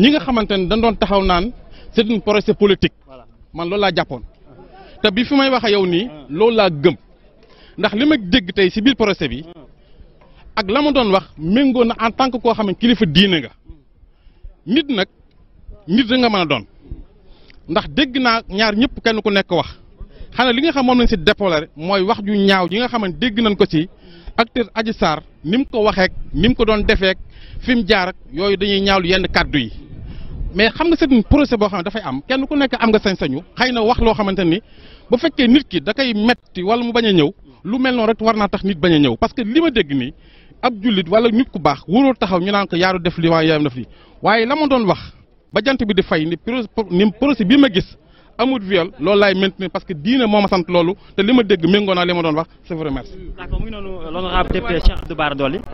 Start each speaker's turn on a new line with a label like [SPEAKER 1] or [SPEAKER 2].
[SPEAKER 1] ñi nga xamante ne dañ doon taxaw naan c'est un projet politique man loolu laa jàppoon te bi fi may wax yow nii loolu laa gëm ndax li ma dégg tey ci biir projet bi ak la ma doon wax méngoo na en tant que koo xam ne kilifa diine nga nit nag nit da nga mën a doon ndax dégg naa ñaar ñëpp kenn ku nekk wax. xanaa li nga xam moom lañ si déploré mooy wax ju ñaaw ji nga xam dégg nañ ko ci acteur Adji Sarr ni mu ko waxeek ni mu ko doon defeek fi mu jaar ak yooyu dañuy ñaawlu yenn kàddu yi mais xam nga c'est un boo xam ne dafay am kenn ku nekk am nga sañ-sañu xëy na wax loo xamante ni bu fekkee nit ki da koy metti wala mu bañ a ñëw lu mel noonu rek war naa tax nit bañ a ñëw parce que li ma dégg nii ab jullit wala ñu ku baax wóorul taxaw ñu naan ko yaaru def li waaye yaayam def waaye la ma doon wax ba bi di fay ni procès bi ma gis amut viol loolu laay maintenir parce que diine moo ma sant loolu te li ma dégg méngoo naa li ma doon wax
[SPEAKER 2] je vous